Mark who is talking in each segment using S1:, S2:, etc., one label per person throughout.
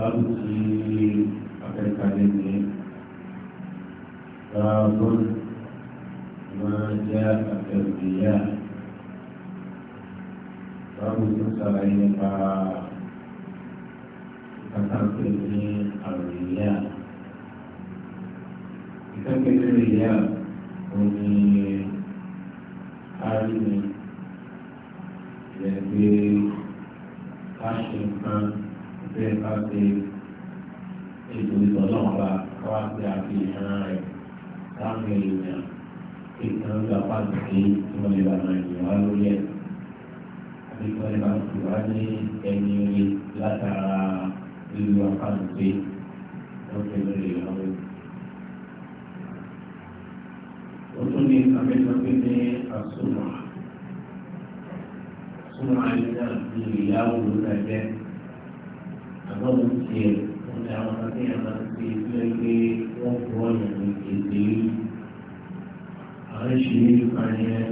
S1: báàbù tí afẹ́ríkà lè ní báàbù máa jẹ́ àfẹ́rìyà báàbù tó sàlàyé nípa kàtàkì ní àrùyà ìkẹ́kẹ́ lórí ìyá òní àrùyà. ká ṣe ètò ìtọ́lọ́mọba ká wá sí àfihàn rẹ̀ táwọn èèyàn kékeré ń gbapá sí ìwọ̀n ìlànà ìwà lórí ẹ̀. Àbíkọ́ ẹ̀ máa ń fi wá ní ẹni orí látara lílo àpáǹpé lókè lórí ìyàwó. Ó tún ní abẹ́sọ̀pé ní àsùnmọ̀. Àsùnmọ̀ àyíká ní ìyàwó ló ń tẹ̀lé ṣe ọjà àwọn akéèyàn máa ń ṣe fẹ́ pé wọ́n fọ́ ọ̀yàn ní èdè àwọn ìṣẹ̀lẹ̀ nípa yẹn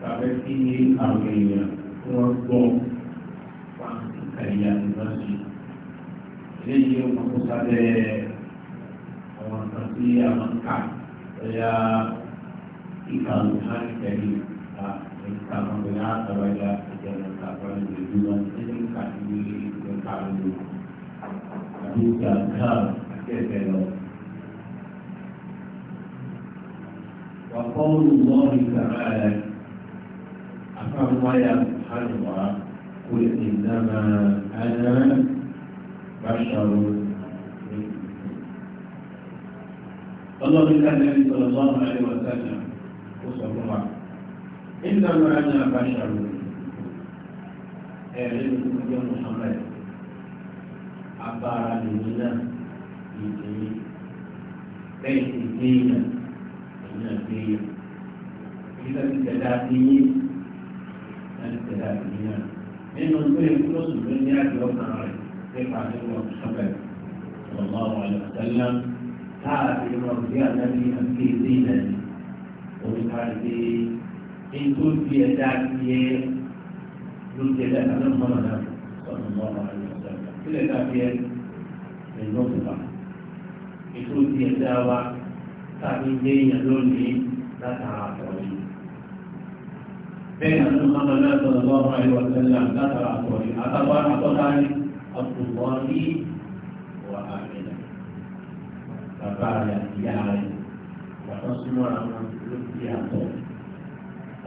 S1: tàbí kí àwọn èèyàn tí wọ́n gbọ́ wá nípa ìyá nípa ṣe. eléyìí ó máa kó sábẹ́ àwọn kan tí a máa ń kà lọ́yà ìkàwé hàn kẹ́lí ìkàwé hàn tàbí ìjà ìjà ìjà ìjà ìjà ìjà ìjà ìjà ìjà kúta káà وقول الله تعالى أفهم يا سبحان قل إنما أنا بشر الله من النبي صلى الله عليه وسلم وصلى الله إنما أنا بشر أعلم يا محمد agbára lèmi náà ìdílé bẹ́ẹ̀ ti dé yàn èmi náà dé yàn èyí náà ti tẹ̀lé àti yín náà ti tẹ̀lé àti yín náà nínú tó yẹ kó lóṣù tó ní àjọ ọkàn rẹ̀ nípa nínú ọ̀sọ́bẹ̀ ọ̀mọ́ àwọn àlùfáàlá káàdì wọn bí ànábi àti èdè náà ni oníkàdé ètò ìdí ẹ̀dá tiẹ̀ ló ti ẹ̀dá kan náà mọ́nà náà sọ̀rọ̀ mọ́ àwọn àlùfáàlá. kílẹ̀ dábíẹ́ ẹ̀nà ìgbà ètò ìdí ẹ̀dá wa tàbí ilé èèyàn lónìí látara àtọ̀yìn. بين أن صلى الله عليه وسلم ذكر أقوال أقوال أقوال أقوال وآمنة فقال يا سيارة وتصمر من لبتي أقوال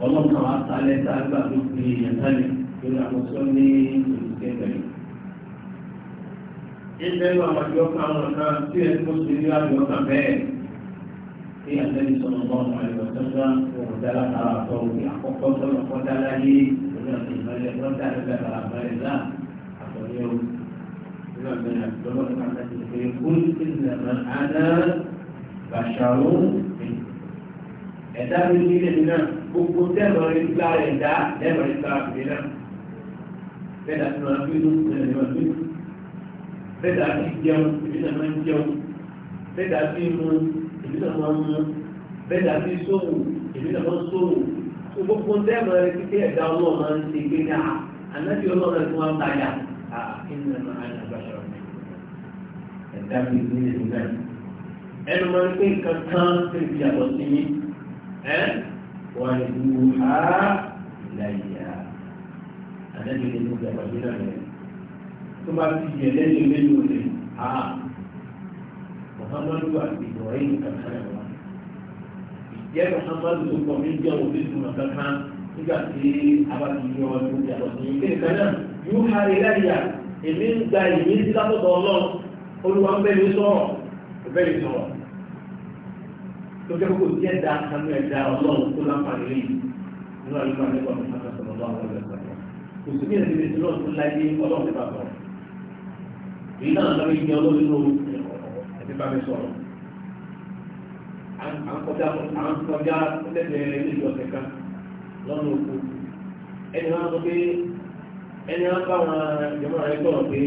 S1: ومن صلى الله عليه وسلم يسلم إلى مسلمين في ìbẹ̀rù àwọn àjọkàn àwọn kan tí ẹ kó sí ní àjọkàn bẹ́ẹ̀ kí àtẹ́ni sọ̀rọ̀ bá wọn àyọ̀ sọ́jà òun dára tààrà tọ́ òun àkọ́kọ́ sọ̀rọ̀ kọ́ dára yé òun àti ìmọ̀lẹ́ wọ́n dára tààrà báyìí náà àtọ̀lẹ́ o nínú àgbẹ̀rẹ̀ àtọ́lọ́ ní pàtàkì pé kún ìlànà àná bàṣàrò ẹ̀dá mi nílẹ̀ mi náà gbogbo tẹ́lọ̀ rí gbá ẹ̀dá lẹ́rọ̀ rí gbá àbúlé náà bẹ́ẹ̀ bẹ́ẹ̀dà sí jẹun èmi náà máa ń jẹun bẹ́ẹ̀dà sí mu èmi náà máa ń mu bẹ́ẹ̀dà sí sóhùn èmi náà máa ń sóhùn tó gbogbo dẹ́mọ̀ rẹ títí ẹ̀dá ọlọ́run máa ń ṣe gbé ní à ah, ànábì ọlọ́run rẹ tí wọ́n bá yà á inú ẹ̀ máa ń àgbàṣọ ẹ̀dá mi ní èmi náà ẹnu máa ń pé nǹkan kan tó ti yàtọ̀ sí mi ẹ́ wọ́n ìlú ha ah, ìlàyà ànábì ní ìlú ìjàmbá tó bá ti yẹ lẹ́yìn lẹ́yìn òde àá muhammadu àti ibrahim kankan yẹn wá ìjẹ́ muhammadu tó kọ́ mi jẹ́ òde tó mọ̀ kankan nígbà tí a bá ti yọ ọdún yàtọ̀ sí ilé kan náà yóò ha ilé àyà èmi ń gba èmi sí lápòtọ̀ ọlọ́run olúwa ń bẹ́ẹ̀ ní sọ̀rọ̀ ń bẹ́ẹ̀ ní sọ̀rọ̀ tó kẹ́ kó tiẹ̀ da kanú ẹ̀ da ọlọ́run tó láǹfààní lẹ́yìn nínú àlùfáà nípa mọ̀ kò sí ní ìrìnàjò náà láyé ọlọ́run nípa bọ̀ èyí náà lọ́wọ́ ìgbẹ́ olórí lóru ẹ̀mí bá mi sọ̀rọ̀ à ń kọjá à ń kọjá lẹ́gbẹ̀ẹ́ ilé ìjọsìn kan lọ́nà òkú ẹni wọn sọ pé ẹni wọn bá wọn ìjọba rẹ sọ̀rọ̀ pé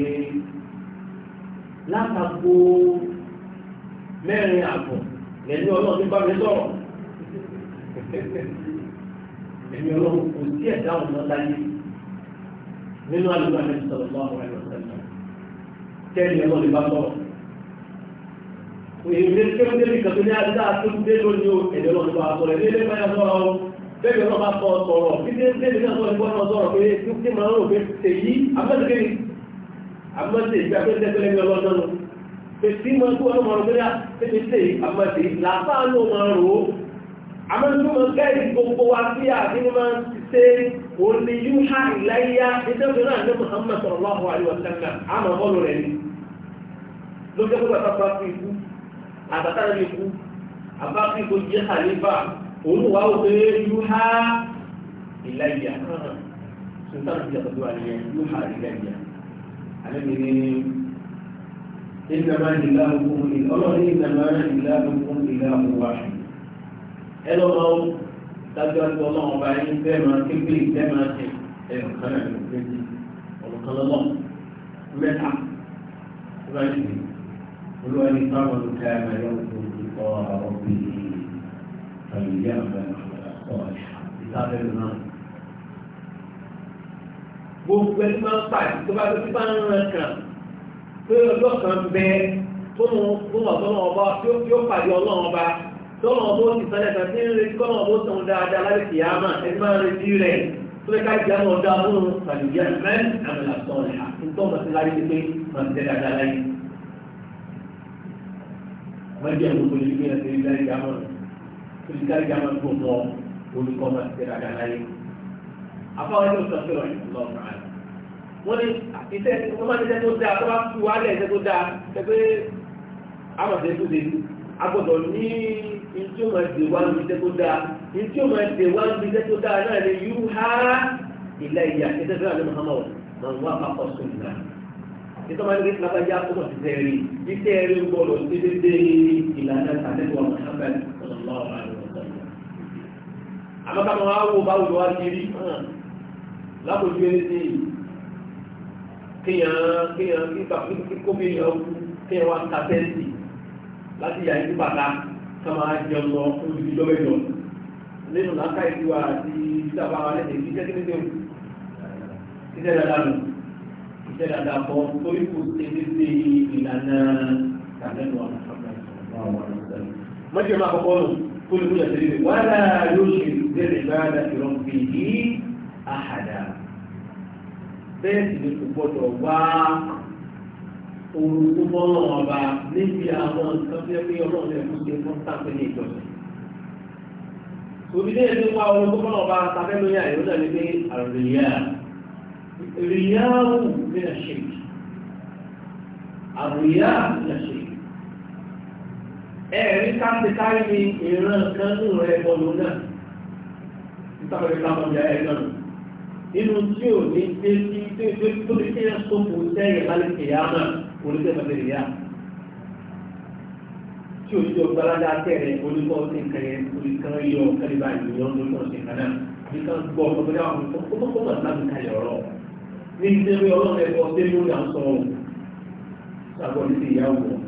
S1: látàkó mẹ́rin àbọ̀ lẹ́ni ọlọ́run ní bá mi sọ̀rọ̀ ẹ̀mí ọlọ́run kò sí ẹ̀dá ọ̀nà láyé nínú àlùbọ̀ àmì sọ̀rọ̀ lọ́wọ́ rẹ̀ lọ tẹ́lẹ̀ ẹ̀rọ lè bá sọ̀rọ̀ òyìnbó kéwọ́dé ní kàtó ní adá tó ń dé lónìí o ẹ̀rọ lọ́nà bá sọ̀rọ̀ ẹ̀rọ lè bá yà sọ̀rọ̀ o bẹ́ẹ̀ lọ́nà bá sọ̀rọ̀ sọ̀rọ̀ títí tẹ́lẹ̀ náà sọ̀rọ̀ ìbọn náà sọ̀rọ̀ pé tí màá rò pé tèyí amẹ́tẹ̀kẹ́ni amẹ́tẹ̀ ìgbà pé tẹ́tẹ́lẹ́ mi ọlọ́dọ́ nù pèsè mọ kó ọlọ́mọ rẹ bẹ́ẹ̀ tètè tè amẹ́tẹ̀ làbá ló máa rò ó amẹ́tẹ̀ mọ gáì gbogbo wa sí àdínní máa ti ṣe òní yúhà ìláyà nítorí náà ní Muhammad àríwá sẹ́ńtà àmọ́ bọ́ọ̀lù rẹ̀ ni ló jẹ́ pé bàbá bá fi ikú àtàtà rẹ̀ ikú àbá fi ikú jẹ́ àlébà òun wà ó pé yú há ìlàyà sultan ti yàtọ̀ tó wà nìyẹn yú há ìlàyà alẹ́ mi ní ìnàmá ìlà òkun ní ọlọ́run ìnàmá ìlà òkun ìlà òkun wà ẹ lọ́wọ́ dájú àti ọlọ́run ọba yín bẹ́ẹ̀ máa képe bẹ́ẹ̀ máa tẹ̀ ẹ̀ ọ̀kan náà ló ń gbé jì ọ̀kan lọ́wọ́ mẹ́ta tó bá yẹ kí olùwárí táwọn olùkọ́ ẹ̀ máa yọ kó ikọ̀ àwọn obìnrin tàbí àwọn ọ̀pọ̀ ìtàbẹ̀rù náà. gbogbo ẹni máa ń pàdé tó bá tó ti bá ń ràn kàn pé ọjọ́ kan bẹ tó ń tó ń ọ̀tọ́ náà ọba tí ó pàdé ọlọ́run ọba tó ń ọba ó ti sọ́lẹ̀ kan tí ń retí kọ́ náà ó sọ̀rọ̀ dáadáa lábẹ́ kìí àmà ẹni máa ń retí rẹ̀ tó lè ká ìjà náà dá fún tàbí ìyá mẹ́rin àmì làtọ̀ rẹ̀ àti tó ń bọ̀ sí láyé pé màá ti tẹ́ dáadáa láyé mọ́jẹ́ gbogbo ní gbé ẹsẹ̀ ilé ìjàmọ̀ ìjìká ìjàmọ̀ tó mọ́ olùkọ́ máa ti dáadáa láyé. afáwọn ẹgbẹ́ òṣìṣẹ́ ìwà ìṣúná ọ̀rọ̀ àná. wọ́n ní iṣẹ́ wọ́n máa ń ṣiṣẹ́ tó dáa tó bá fi wálẹ̀ iṣẹ́ tó dáa pẹ̀pẹ́ amọ̀tẹ́ tó dé agbọ́dọ̀ ní ntí o máa dè wá níbi iṣẹ́ tó dáa ntí o máa dè wá níbi iṣẹ́ tó dáa náà ni yú ilẹ̀ ìyá iṣẹ́ tó ní nítorí wọn ní kí lábàjá tó ti tẹ̀ rí iṣẹ́ rí ń gbọ́dọ̀ sí dédé ìlànà tàbíwọ̀ Muhammad sallallahu alaihi wa sallam. àmọ́ káwọn wá wo báwo ló wá ti rí lápòjú ẹni sí kéèyàn kéèyàn kíkà kíkó bí èèyàn kú kéèyàn wá ta tẹ́ǹtì láti yà ní bàtà ká máa jẹun lọ fún ibi lọ́wọ́jọ nínú làákàyè tiwa àti ìdábàá lẹ́yìn ìdíjẹ́ dáadáa nù iṣẹ́ dáadáa bọ́ torí kò ṣe dédé ìlànà tàbẹ́nu àwọn mọ́jọ́ máa kọ́kọ́ nù kó lè múyà tẹ́lẹ̀ wà láà yóò ṣe ìdẹ́rẹ̀ ìbáradà ìrọ̀ fìdí àhàdà bẹ́ẹ̀ sì ni kò gbọ́dọ̀ wá ohun tó mọ́ ọ̀rọ̀ ọba níbi àwọn nǹkan tó yẹ pé ọlọ́run lè fún ṣe fún sáfẹ́ ní ìjọsìn òbí lè ní wá ohun tó mọ́ ọba sáfẹ́ lóyè àìrọ́dà ní pé àròyìn yára الرياء من الشرك الرياء من الشرك ẹ̀rí káàkiri ní ìran kan ní rẹ̀ bọ́lú náà ìtàkùnrin káàkiri ẹ̀rí náà nínú tí ò ní dé sí tó ní kí ẹ sọ́kù sẹ́yìn lálẹ́ kìyà náà oníṣẹ́bẹ̀rẹ̀ ìyá tí ò ní tí ó gbáradá tẹ̀rẹ̀ oníkọ́ sí kẹrẹ oníkan yọ kẹrẹ báyìí lọ́dún tó ṣe kan náà oníkan gbọ́ ọ̀pọ̀lọpọ̀ ọ̀pọ̀lọpọ̀ ọ̀pọ̀lọpọ̀ ní ìdẹ́wé ọlọ́lẹ́kọ́ délé ó dà ń sọ ohun sàbọ̀lì sí ìyàwó wọn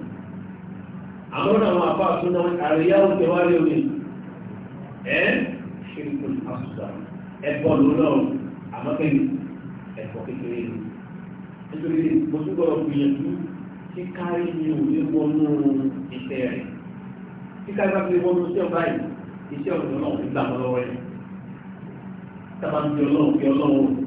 S1: àwọn àwọn àbá àtúná àríyáwó tẹwárí omi ẹ́ ṣírkùn àṣùsà ẹ̀bọ̀ lọ́lọ́run àmọ́kẹ́lì kékeré ni nítorí mo tún gbìyànjú wọnú bá fi wọnú náà ń gbà ń bí bí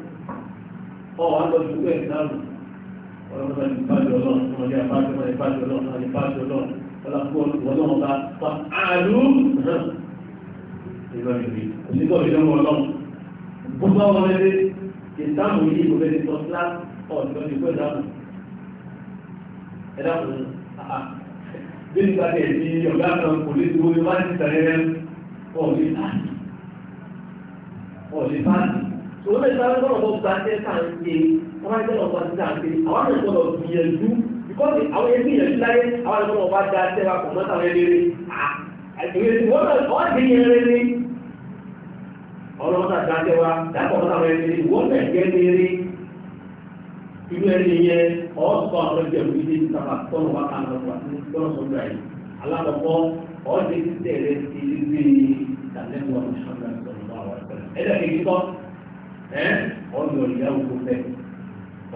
S1: ọ̀hún lọ sí ìwé ìdáàbò ọlọ́mọdé ìpàdé ọlọ́run ọmọdé ìpàdé ọlọ́run ìpàdé ọlọ́run ìpàdé ọlọ́run ọlọ́run ọlọ́run ọba pa àlù ìlọ ìrì onígbọ̀ ìdánwò ọlọ́run gbogbo àwọn ọmọdé ìdáàbò yìí kò fẹ́ẹ́ sọ òun lè sáré lọ́wọ́ tó gba tẹ́ ká ń ṣe wọ́n máa ń tẹ́lọ̀ wọ́n ti dà ń ṣe àwọn àmì ìgbọ́dọ̀ gbìyànjú bíkọ́sì àwọn ẹbí ìyànjú láyé àwọn àmì ìgbọ́dọ̀ wá da tẹ́ wa kò mọ́ sáré lére àwọn àti ìyẹn lére ọlọ́run náà da tẹ́ wa dákọ̀ mọ́ sáré lére wọ́n náà jẹ́ lére inú ẹni yẹn ọ̀ọ́sọ̀ àwọn ẹbí ẹ̀mú ilé ti sábà tọ́nù wá kà lọ́sọ̀ọ́ àti tọ́nù sọ ẹ ọ̀nà ìyá oko fẹ́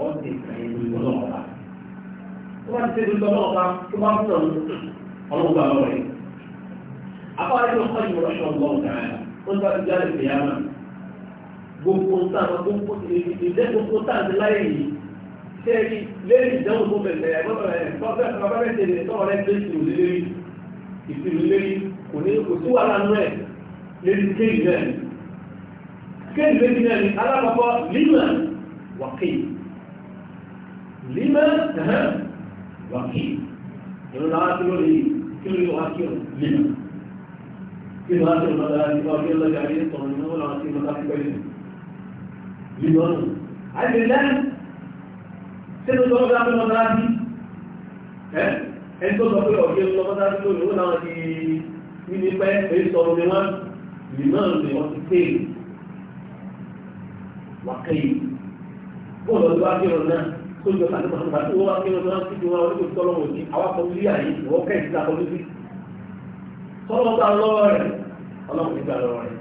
S1: ọ̀sẹ̀ ìkàyẹ̀ lórí ọlọ́ọ̀ba tó bá ti ṣe lórí ọlọ́ọ̀ba tó bá ń sọ àbá ó ń bá ti jáde fìyà gbogbo táwọn gbogbo gbogbo táwọn láyé yìí lẹ́yìn ìdánwò tó bẹ̀rẹ̀ ẹ̀gbọ́n kò ní kò كان بناني على رفاء لما وقيل لما تهم وقيل يقول كل يؤكد لما كيف هاتف المدارس وقيل الله جعلين طمانين ولا هاتف المدارس بينهم لما عبد الله سنة دولة عبد المدارس أنت تقول أوكي الله ما تعرف تقول هو نادي مين يبقى في لما لما لما تكلم wàkẹ́yì bọ́ọ̀lù ọdún akérò náà tó jọ kàdé pàtó pàtó akérò náà ti di wọn tó tọ́lọ́ wọn sí àwọn akọ̀wé àyè ìwọ́ kẹ́yì ti àkọ́lé sí tọ́lọ́ gba lọ́wọ́ rẹ̀ ọlọ́run ti lọ́wọ́ rẹ̀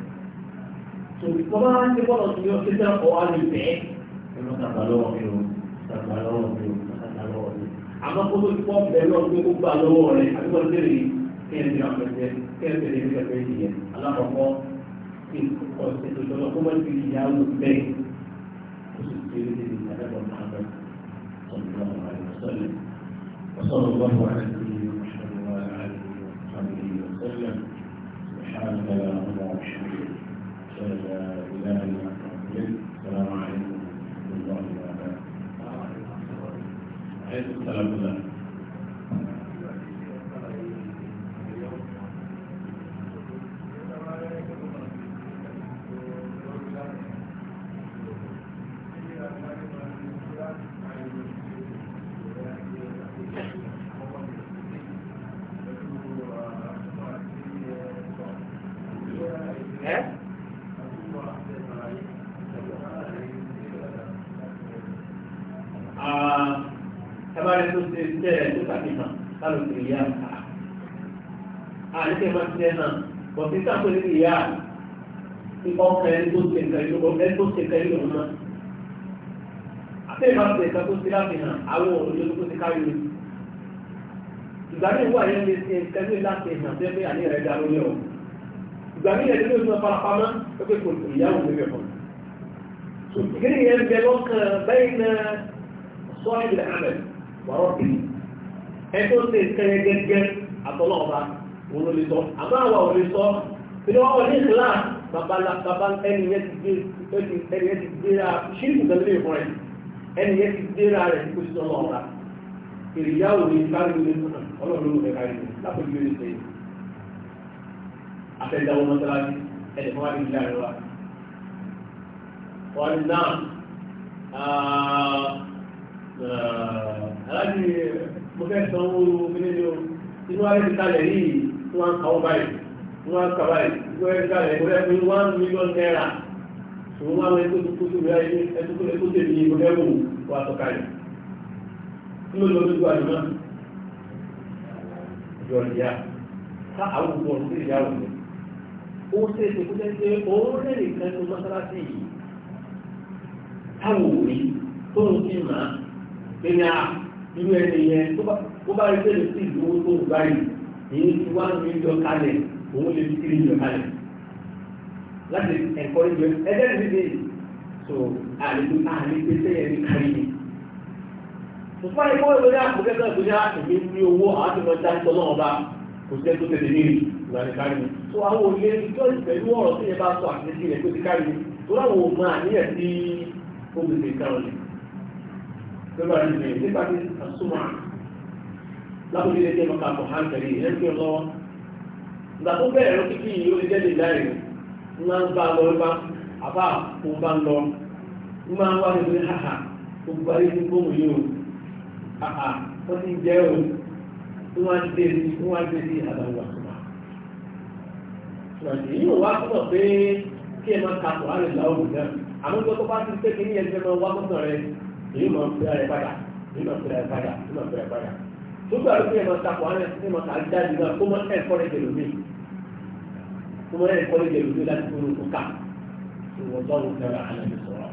S1: tó ìkọ́bá ti bọ́ọ̀lù ti yọ síta ọ̀ á lè bẹ́ẹ̀ ẹ̀rọ lọ́wọ́ mi o lọ́wọ́ mi o tàgbà lọ́wọ́ mi alákọ̀ọ́kọ́ kí ọ̀sẹ̀ tó tọ́lọ́ kó má ti ìyá wò bẹ́ẹ̀ سيدنا محمد صلى الله عليه وسلم وصلى الله على سيدنا محمد وعلى آله وصحبه وسلم سبحانك لا حول ولا اله إلا بالله السلام عليكم ورحمة الله وبركاته. السلام ورحمة tẹ̀ máa ti ẹ̀ náà bọ̀dé sáfẹ́ ní ìyá ọkọ̀ ẹni tó ṣe nǹkan ìlú ọ̀rẹ́ tó ṣe nǹkan ìlú ọ̀nà. àtẹ̀yìn máa ṣe nǹkan tó ṣe láti hàn àwọn òòlù tó ti kárí mi. ìgbà ní ìwà yẹn lè ṣe nǹkan ní láti hàn tẹ́ pé àní rẹ̀ dá lórí ọ̀. ìgbà ní ìyẹn ló ń sọ farapamọ́ ó pé kò tó ìyáwó mi rẹ̀ kàn. ìgbìrì yẹn bẹ lọ́kàn bẹ́yìn òun lè sọ àmọ́ àwa ò lè sọ pé ọmọ ní islam bàbá ẹni yẹn ti gbé ẹni yẹn ti gbéra ṣírí kùtà lórí ìfọ̀n rẹ̀ ẹni yẹn ti gbéra rẹ̀ kó sí ọmọ ọ̀la ìrìyàwó ni kárí ilé ọlọ́run ló fẹ́ kárí ilé lápẹ̀lú ilé ìfẹ́ afẹ́dáwó mọ́sálásí ẹni fún wáyé ìlú àríwá wọ́n ní náà aláàbí mo fẹ́ sanwó omi nínú inú ayé ti kalẹ̀ yìí wọ́n ń kàwọ́ báyìí wọ́n ń kà báyìí wọ́n ń kà báyìí wọ́n ń pín one million naira ṣùgbọ́n wọ́n ń tó tó tóbi ayé ẹtúkú ẹtú tèmi ìbò lẹ́wọ̀n wà sọ̀ka yìí kí ló lọ sí ìgbà yìí náà yọ ìyá ká àwọn òkú ọ̀rọ̀ sí ìyá òkú ó ṣe é ṣe kó jẹ́ pé òun rẹ̀ nìkan ní mọ́sálásí yìí táwọn òní tó ń fi mà ẹni yẹn tó bá rí pé sí ìlú tó ń gbá èyí tí wá ní ìjọ kalẹ̀ òun lè fi kiri ìjọ kalẹ̀ láti ẹ̀kọ́ ìjọ ẹgbẹ́ ní bíbí so àlejò àlejò pèsè yẹn ní kárí ni. òfò àyíkọ́ ìwé ní àpò kẹ́kẹ́ tó ní ní owó kò sí ẹtọ́ tẹ̀lé ìgbà ní kárí so àwọn òye ìjọ ìpẹ̀lú ọ̀rọ̀ tí yẹn bá sọ àtúnṣe rẹ̀ ti kárí ni tó láwọn lábúlé lè jẹ́ mọ́ta kọ̀ hàn tẹ̀lé ẹ̀ ń pè lọ́wọ́. ìgbà tó bẹ̀rẹ̀ ló kíkí yìí ó lè jẹ́ lè láì ńlá ń bá lọ bá àbá òun bá ń lọ ń máa ń wá ní pé haha gbogbo ayé ní gbóhùn yìí o haha wọ́n ti ń jẹ́ o ń wá ń dé sí ń wá ń dé sí àdáwò àtúmọ̀. ìrọ̀lẹ́ yìí ò wá sọ̀rọ̀ pé kí ẹ máa ka kọ̀ á lè láwọ̀ òun náà àmọ́ ìgbà tó bá ti pé kí ní ẹgbẹ́ máa wá sọ̀rọ̀ rẹ èyí máa ń pè tó gbà ló fi ẹ̀mọ̀ takọ̀ àwọn ẹ̀sìn ẹ̀mọ̀ tàbí jáde náà kó mọ ẹ̀kọ́ rẹ̀ jẹ̀lú mi kó mọ ẹ̀kọ́ rẹ̀ jẹ̀lú mi láti fún un ká ìwọ̀n tó ń tẹ̀ra àlejò
S2: sọ̀rọ̀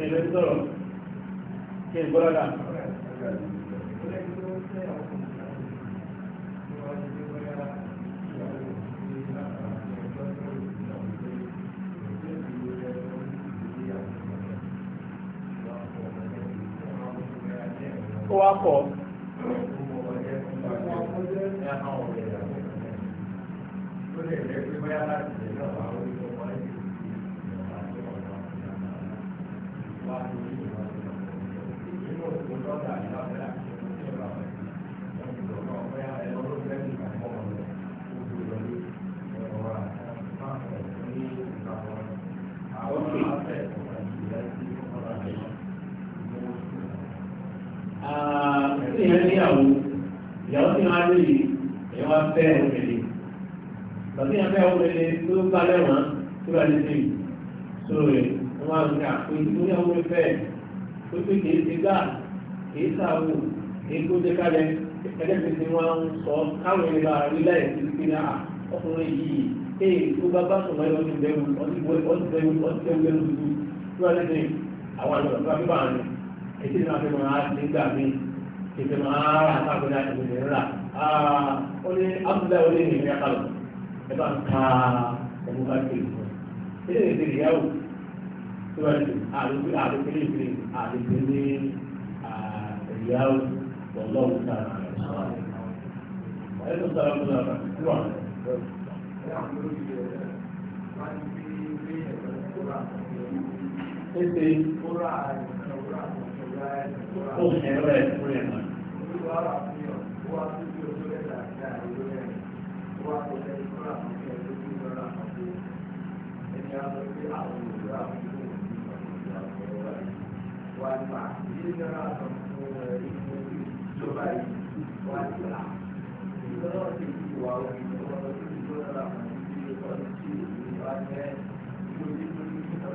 S2: ẹ̀rẹ́
S1: sọ̀rọ̀ kí n gbọ́dọ̀ dà. tí wọ́n á lè yìí èyí wá fẹ́ òmìnir tọ́sí yẹn fẹ́ tó bá lẹ́wọ̀n tó bá lè sèyí sórí wọ́n máa ń gbà pé tó yẹ tó fi kìí ti gbà kìí sàwò dé kálẹ̀ wọ́n ń sọ káwọn ọkùnrin yìí ee tó bá bá sọ̀rọ̀ àwọn ìfẹ́ máa rà sáàgbéná ìwé rà ah, ó ní abúlé olè ní ìrìn àkàlọ̀ ẹ bá ń ka ẹ̀mú bá kiri fún ẹ ilé ìdílé ìyàwó tó wà ní àdókè àdókè ní ìdílé àdókè ní ìyàwó lọ́wọ́ sára
S2: ẹ tó sára fún ọ̀rọ̀ fún ọ̀rọ̀.
S1: Ese, ó sì ẹ̀rọ ẹ̀ fún ẹ̀ mọ̀.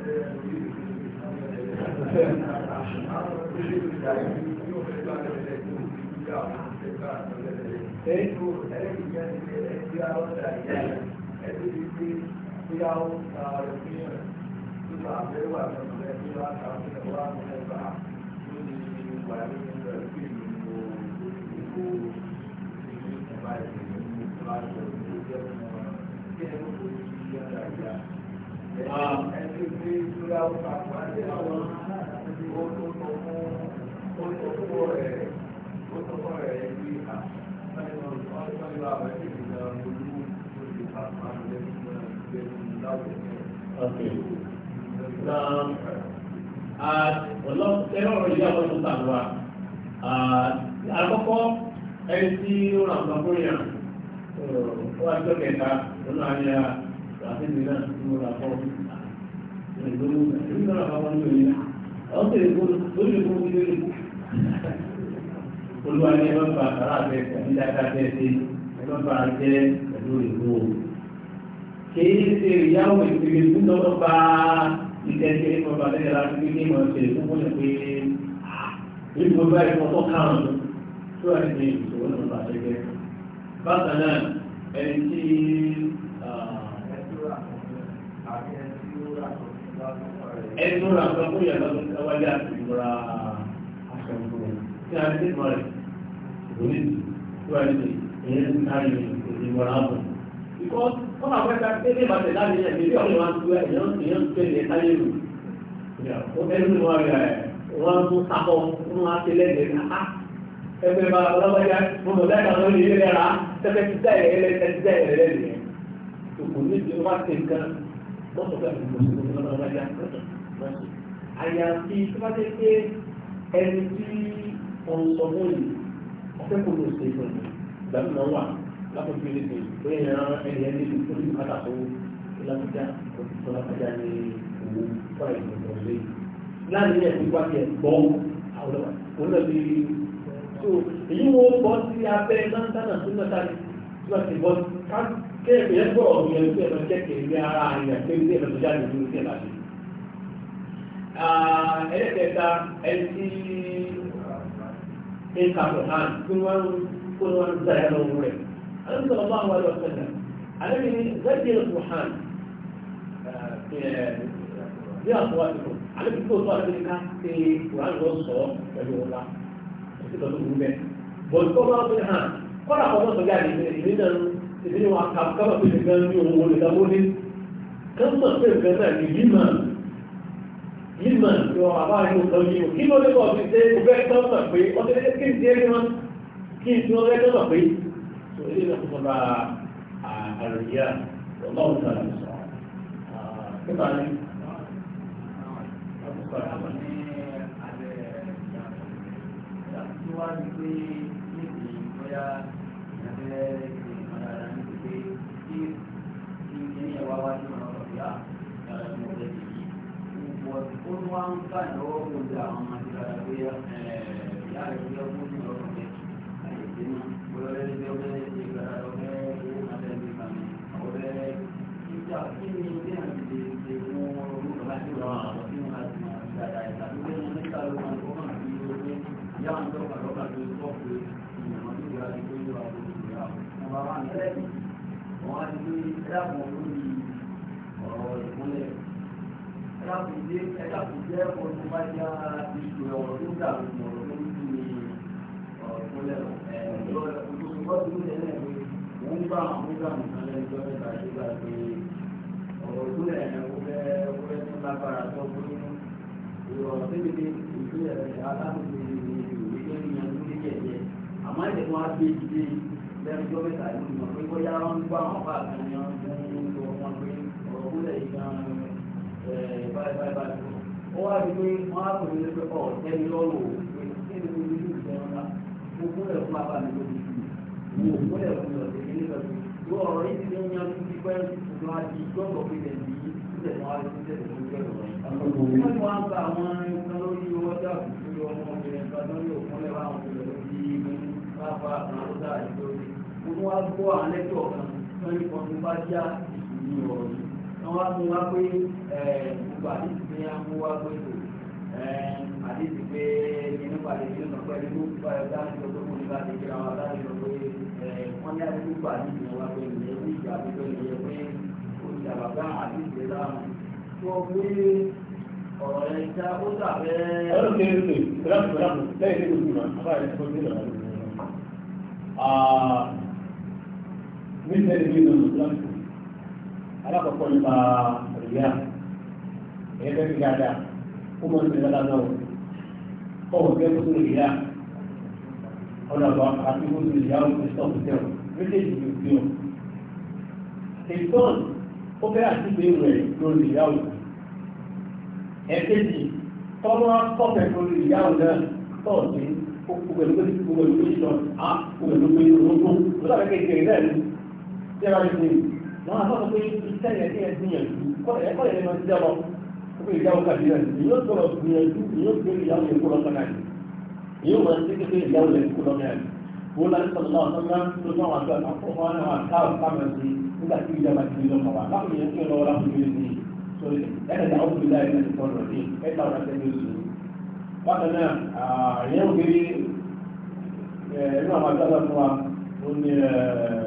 S1: Thank you. Ah. Okay. Now, ọlọ́pẹ̀rọ ìyàwó tó tàbíwá uh, àkọ́kọ́ ẹni tí ó ràn lọ fún ìyàn ó wá tó kẹta lọ́nà àyà uh, àti ìdílé náà tó rà fún ọdún olúwa ní ẹgbẹ́ bá bàrà bẹ tàbí dáadáa bẹ ṣe ẹgbẹ́ bá jẹ pẹ̀lú ìlú o kìí ṣe ìyáwó ìpele fún lọ́wọ́ bá ìtẹ́jẹ́ ní ọba lẹ́yìn láti fi ní ìmọ̀ ṣe fún wọn pé ìlú mo bá ìfọ̀ tó kàn tó wà ní ìṣòwò náà bá ṣe bákan náà ẹni tí
S2: ẹni tó ra nǹkan fún ìyàtọ̀
S1: tó ká wáyé àti ìrora aṣọ ìgbòho tí a ti mọ rẹ̀ ìròyìn tó wà níbi ìyẹn ti kárí ìrora ọ̀bọ̀. ìkọ́ wọn àwọn ẹ̀ka tẹ́lẹ̀ máa tẹ̀lé àti ẹ̀mí ọ̀rẹ́ wọn tu ẹ̀yàn èèyàn tó ẹ̀yẹ káyé lò. ẹnu ni wọn rẹ̀ wọn tún sakọ fún wa ti lẹ́gbẹ̀ẹ́ náà ẹgbẹ́ bá ọlọ́wọ́dá wọ́n sọ pé àti mùsùlùmí lọ́dọ̀ ọ̀dájà àyàfi tó bá jẹ́ pé ẹni tí wọ́n sọ fún yìí ọ̀fẹ́ kò ló ṣe fún mi ìgbàlú náà wà lápòjú ilé tó yìí pé ẹ̀yàn ẹni ẹni tó tó ní kàtà tó lápòjá tó lápòjá ní owó fún àyè ìgbàlú ilé láàrin ẹ̀ nípa tiẹ̀ gbọ́ àwọn ọ̀nà bí èyí wo bọ́ sí abẹ́ náà dáná tó náà tá ṣé èèyàn gbọ́ ọ̀rọ̀ yẹn tí ẹ̀rọ jẹ́kẹ̀ ní ara rẹ̀ pé ní ẹ̀rọ tó jáde ní ìṣẹ́ láti. ẹlẹ́kẹta ẹtí ẹ̀ka kọ̀hán tí wọ́n kó wọn dá ẹ lọ́wọ́ rẹ̀. alẹ́ sọ̀rọ̀ bá wọn lọ sẹ́lẹ̀ alẹ́ mi ní zẹ́jì kọ̀hán bí àpò àtìkù alẹ́ mi kó tó alẹ́ mi ká ṣe kùrán lọ sọ pẹ̀lú ọ̀la ẹ̀sìn lọ́dún gbẹ bọ̀dùkọ́ bá wọn fi hàn kọ́ra kọ́ ìdí ni wọn kàkàbà tó lè gan ní òun olùdámó ní kẹ́sọ̀ tó lè gan ní yíma yíma tí wọn bàbá yóò sọ yìí o kí ló lè bọ̀ sí ṣe kò fẹ́ kẹ́sọ̀ pé ọdún ilé kí n ti ẹni wọn kí n ti wọn fẹ́ kẹ́sọ̀ pé tó ilé náà tó sọba àríyá ọlọ́run sọ̀rọ̀ ní. Wọ́n á ní kíní ẹ̀wá wá sí ọ̀rọ̀ ọ̀yá ẹ̀rọ mọ̀ ọ̀rẹ́ yìí wọ́n ó ní wá ń gbà lọ́wọ́ mo lè àwọn ọmọ ti dára pé ìyá rẹ̀ fi ọkùn ní ọ̀rọ̀ rẹ̀ àyèké náà bóyá ọ̀rẹ́ ti ọ̀rẹ́ ti gbàdá lọ́fẹ́ owó máa fẹ́ gbé kàmí ọ̀rẹ́ ìjà kí ni bí à ń lè wọ́n á ti ní ẹ̀dàpọ̀ lórí ọ̀rọ̀ ìpínlẹ̀ ẹ̀dàpọ̀ jẹ́ ẹ̀dàpọ̀ jẹ́ ọ̀rọ̀ tó bá já iṣu ọ̀rọ̀ tó dà lórí ọ̀rọ̀ tó ń tún ní ọ̀rọ̀ ìpínlẹ̀ ọ̀rọ̀ ìpínlẹ̀ tó ń tẹ̀lé pé wọ́n gbà wọ́n gbà mí kan lẹ́nu tó mẹ́ta tó gbà pé ọ̀rọ̀ ìpínlẹ̀ ẹ̀ ó fẹ́ ó fẹ́ tó lágbára tó fún ìrọ̀rọ̀ tó lè dé ìpínlẹ̀ aláàbò lẹ́nu tó bẹ́ẹ̀ tàbí ìmọ̀ pé bóyá wọ́n gbọ́ àwọn báàgì ni wọ́n ń lọ wọn pé ọ̀rọ̀ kúlẹ̀ yìí kan báyìí báyìí báyìí ó wá di pé wọ́n á pè é pé ọ̀ tẹ́ni lọ́rùn pé kí ni mo ní ìlú ìjẹun náà mo kúlẹ̀ fún bàbá mi lóbi mo kúlẹ̀ fún ọ̀sẹ̀ mi nípa mi ọ̀rọ̀ yìí ti ní yan títí pẹ́ ìṣùgbọ́n wọn á ti tẹ̀ tó òun wá gbọ́ àlẹ́jọ́ kan wọ́n ní ọdún bá já ìṣòro ọ̀rọ̀ yìí wọ́n wá mú wá pé gbogbo àdéhùn ní a mú wá pé kò àdéhùn pé nínú pàdé nínú pàpẹ́ ní ló bá yọ dáhùn tó tó kún nípa àdéhùn àwọn adáhùn lọ pé wọ́n ní àdéhùn pàdé ìṣòro wá pé ìlẹ̀ ó ìjà àbújọ ìyẹn pé olùdàgbàgbà àdéhùn tó dáhùn tó pé ọ̀rọ̀ yẹn já ó dàbẹ́. ọ̀rọ̀ mi rí mi pẹ̀lú àpò lẹ́yìn ní ojú náà àbáyé tó ní ìlànà nílẹ̀ ìlú ìlú ìlú alákọ̀ọ́kọ́ nípa ìyá ẹ̀yẹ́ fẹ́ fi dáadáa ó mọ̀ nípa o náà o fẹ́ kó sórí ìyá ọ̀nà àbọ̀ àti kó sórí ìyá ó ti sọ̀tún tẹ̀ méjèèjì ti fi hàn. ṣètọ́n ó fẹ́ àti ìwé rẹ̀ lórí ìyá ò ẹ̀ẹ́dẹ́jì tọ́lọ́ tọ́pẹ̀ lórí ìyá ò náà tọ́ọ̀sì ó kú pẹ̀lú pé ó kú pẹ̀lú pé ó ṣọ 第二个是，然后他们这些这些这些企业，过来过来他们知道不？比如讲我隔壁，你都说了，你你都不会了解互联网概念，因为这个是了解互联网概湖南这个老商家就像我说，他做的话大大明星，人家企业家比你多吧？他们年轻人多啦，比你所以，现在讲互联网概念，很流行，很受欢迎。为什么啊？因为呃，任何叫做什么，不呢？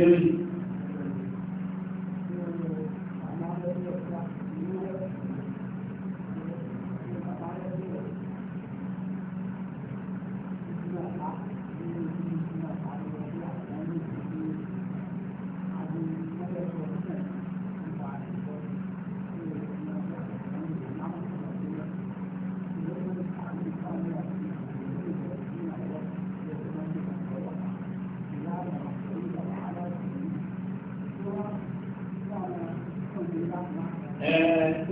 S1: theory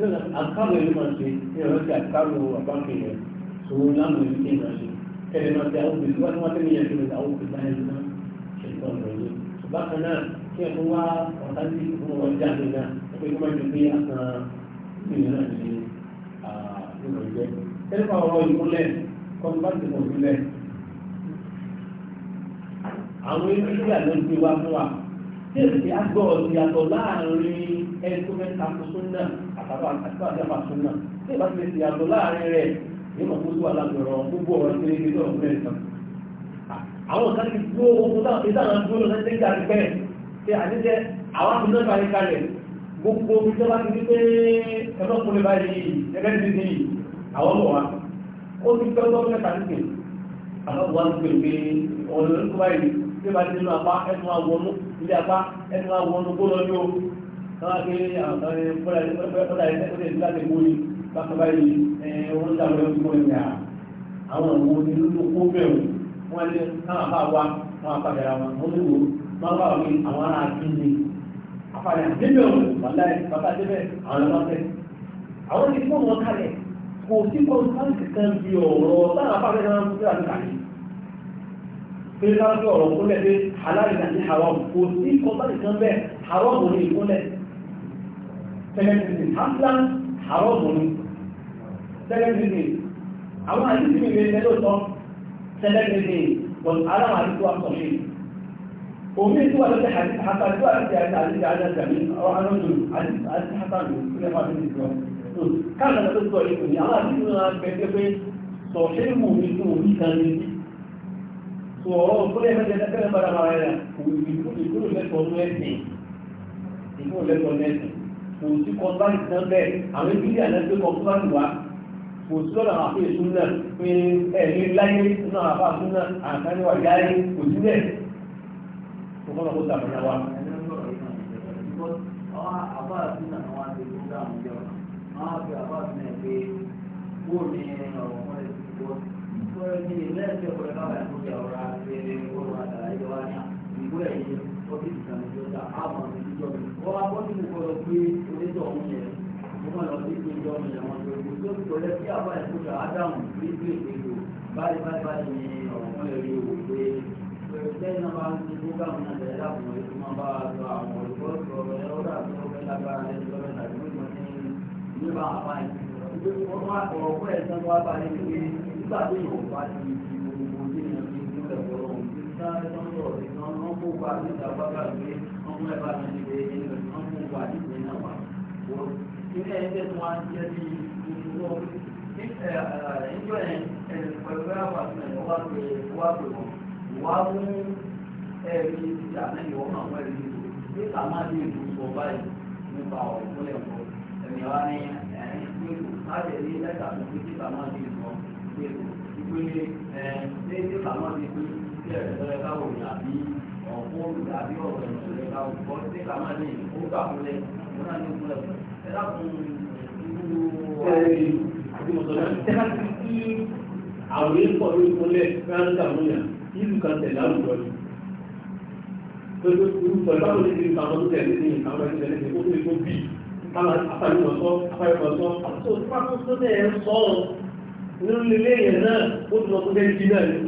S1: náà àkàrò yìí máa ṣe ní ọ̀rọ̀ ti àkàrò àbáǹkì yẹn tó láàmú yìí kí n máa ṣe kẹ́lẹ́ máa ṣe àwọn òbí wá ní wọ́n tẹ́lẹ̀ yẹn kí n máa ṣe àwọn òbí báyìí náà ṣe tọ́ ọ̀rọ̀ yìí bákan náà kí ẹ̀ tó wá ọ̀tá sí fún ọjà mi náà pé kí wọ́n ti ilé ìgbà ló ń gbé wá fún wa tí èsì agbọ́ ọ̀sìn láàrin ẹni tó fẹ́ náà àtàwọn àtàwọn àtún náà tí ìbá ti ṣe àtọ̀ láàrin rẹ̀ nínú kó tó alágbèrò gbogbo ọ̀rọ̀ tí ó lọ fún ẹ̀sán. àwọn kan ti dúró ohun bá ti di pé ẹgbẹ́ kúnlẹ̀ báyìí ẹgbẹ́ ti di àwọn ọmọ wa ó ti pẹ́ ọgbọ́n mẹ́ta ti sìn àwọn ọmọ wa ti pè pé ọ̀nà ìlú báyìí tí ó bá ti nínú apá ẹnu àwọn ọmọ ilé apá ẹnu àwọn ọmọ gbọ́dọ̀ káwọn pé àwọn fúnra ẹni fúnra ẹni tó lè láti mú ni bákan báyìí wọn dà wọn lọ́wọ́ ìgbà àwọn ọmọ ní lójú kó bẹ̀rù wọn ní káwọn bá wa wọn àpàdàrà wọn wọn ní wò wọn bá wọn ní àwọn ará àbíyè àpàdà débẹ̀ wọn bàtà bàtà débẹ̀ àwọn ọmọ tẹ àwọn ní fún wọn kalẹ̀ kò sí kó sáǹkì kan bí ọ̀rọ̀ táwọn afárẹ́ náà ń fúnra nípa yìí pé káwọn bí ọ̀rọ̀ kúnlẹ̀ pé aláìsàn ní àwọn kò sí kó sáǹkì kan bẹ́ẹ̀ àwọn kò ní ìkúnlẹ̀ tẹ́lẹ̀tìrì hamla àrọ́bù ni tẹ́lẹ̀tìrì àwọn àdìsí mi rẹ̀ lóòótọ́ tẹ́lẹ̀tìrì bọ̀n aláwọ̀ àdìsí wa sọ mí omi tí wà lọ́sẹ̀ àtàdúrà àti àdìsí àdìsí àmì àwọn alọ́dún àdìsí àtàdù ilẹ̀ fàbí ní ìjọ káàkiri àti sọ ìlú ni àwọn àdìsí náà bẹ̀ẹ́ pé sọ ṣé mú mi fún omi kan ní sọ ọ̀rọ̀ fúnlẹ̀ mẹ́tẹ̀ẹ́fẹ́ kò sí kọ́ńtàkì tán bẹ́ẹ̀ àwọn ìbílẹ̀ àná pé kọ́ńtàkì wá kò sí lọ́dọ̀ àwọn àfihàn ìṣúná náà pé ẹ̀mí láyé náà àfa àṣúná àtàníwá yáyé kò sí bẹ́ẹ̀ kò kọ́ lọ́kọ́ tàbí náà wá. àbá àṣúná àwọn àti ìṣúná àwọn ìjọba máa fi àbá àṣúná ẹ̀ pé wọ́n ní ọ̀rọ̀ mọ́lẹ̀ tó kọ́ ní ilé ẹ̀jẹ̀ ọ̀rẹ́ káwọn ẹ̀kọ́ wọ́n wá bọ́ nínú ìgbọ́dọ̀ pé onídọ̀ ọ̀hún yẹn wọ́n máa lọ sí ìpín ìjọ ọ̀hún yẹn wọ́n tó ti sí àbá ádámù ní ìpínlẹ̀ báyìí báyìí báyìí ni owó pé náà máa ń ti náà àbùmọ̀ ètò máa bá a àwọn olùkọ́ wọ́n kó gba àdìsí àgbàgbà gbé wọ́n mú ẹ̀bá mi níbi ẹni rẹ̀ wọ́n kó gba àdìsí náà wà. ilé ẹgbẹ́ tó wá jẹ́ bí ìṣòro ìjọ ẹ̀ pẹ̀lú àwọn àti ẹ̀yọ́ wá pé wá pé wọn wá mú ẹ̀rí ti àlẹ́yìn wọn àwọn ẹ̀rí ìlú bí sàmá lè lù sọ báyìí nípa ọ̀rọ̀ tó lẹ̀ wọ́n ẹ̀mí wa ní ẹ̀rín ìpínlẹ̀ láti ẹ̀rí lẹ́tà tó fi ti sàmá lè lọ ìpínlẹ̀ ìpínlẹ̀ ẹ̀ ṣé ti sàmá lè fi ti ẹ̀rẹ̀ lọ́yẹ káwọ̀ ní àbí ọ̀pọ̀ àbí ọ̀rọ̀ ìṣòro ẹ̀ka ọ̀pọ̀ tí ká máa ní ìfowó gbà wọn náà ní ìfúnlẹ̀ ẹ dákun irú àti mọ̀tọ́lá tẹ́lá
S2: ti kí àwọn yẹn pọ̀
S1: lórí ìfúnlẹ̀ fẹ́ràn kàmúyà ìlú kan tẹ̀lé àwùjọ ni. pẹ̀lú ìlú kan tó tẹ̀lé ní àwọn tẹ̀lé ní kókó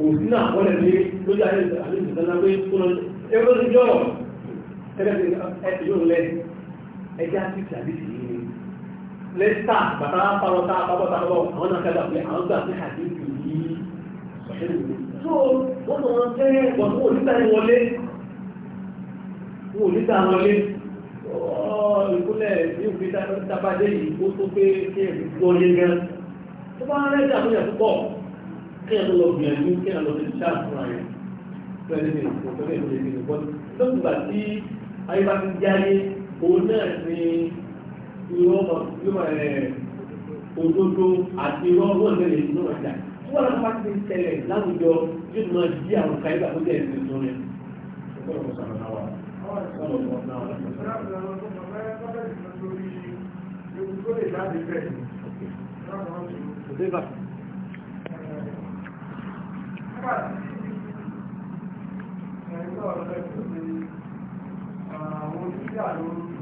S1: kò sí náà wọ́n lè ní lójú ayé àlejòsánná pé kó lọ ẹgbẹ́ tó jọ ẹgbẹ́ yóò lẹ ẹjẹ́ àti ìṣàdíṣì yìí lẹ́tà bàtà pàrọ̀tà pàbọ̀tà pàbọ̀ àwọn náà kájà pé àwọn gbà pé àdéhùn yìí so wọ́n tó wọn jẹ́ wọ́n tó oníta ìwọlé wọ́n oníta ìwọlé ìkúnlẹ̀ yóò fi tábàdé yìí ó tó pé kí ẹ̀ gbọ́ yẹn gan tó bá rẹ́ kéèyàn lọ gbìyànjú kéèyàn lọ sí ṣáàfùrà rẹ̀ pẹ̀lú ní ìfọ̀tọ́ ní ìlú ìlú bọ́ọ̀lù lọ́gbà tí ayé bá ti jáyé òun náà ni òdodo àti irọ́ wọ́n lè lè nínú ọjà tí wọ́n lọ́pàá ti ń tẹ̀lẹ̀ láwùjọ yóò máa di àwọn káyébà tó jẹ́ ẹ̀sìn tó rẹ̀. Thank
S2: you. Àwọn oníṣẹ́ àlórí